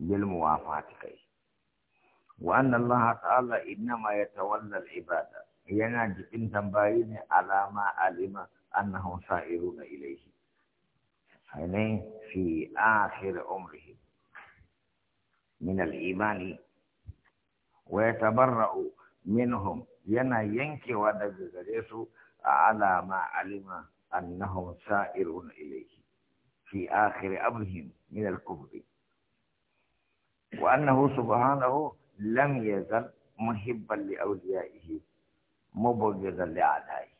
بالموافاة وأن الله تعالى إنما يتولى العبادة يناجي إن تنباين على ما علم أنهم سائرون إليه يعني في آخر عمره من الإيمان ويتبرأ منهم ينا ينكي ودجريسو على ما علم أنهم سائرون إليه في آخر أمرهم من الكفر وأنه سبحانه لم يزل محبا لأوليائه مبغضا لأعدائه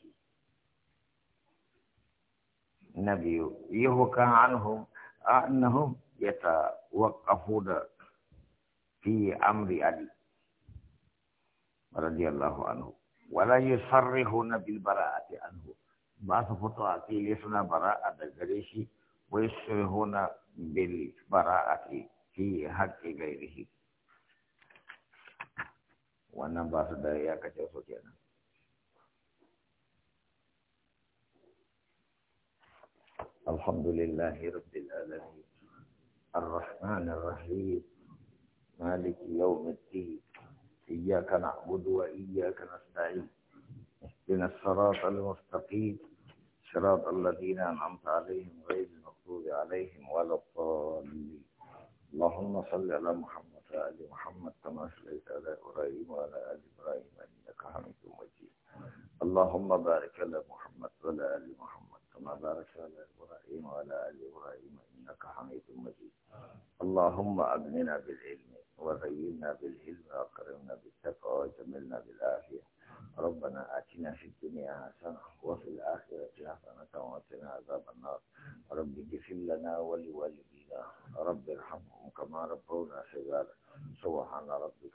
نبي يهوك عنهم أنهم يتوقفون في أمر علي رضي الله عنه ولا يصرحون بالبراءة عنه بعض فتواتي لسنا براءة غريشي ويصرحون بالبراءة في حق غيره وانا باس دريا كتو ya kace su kenan alhamdulillahi الرحمن الرحيم مالك يوم الدين إياك نعبد وإياك نستعين اهدنا الصراط المستقيم صراط الذين أنعمت عليهم غير المغضوب عليهم ولا الضالين اللهم صل على محمد وعلى آل محمد كما صليت على إبراهيم وعلى آل إبراهيم إنك حميد مجيد اللهم بارك على محمد وعلى آل محمد كما باركت على إبراهيم وعلى آل إبراهيم إنك حميد مجيد اللهم أغننا بالعلم وغيرنا بالعلم وأكرمنا بالتقوى وجملنا بالعافية ربنا آتنا في لنا ولوالدينا رب ارحمهم كما ربونا صغارا سبحان ربك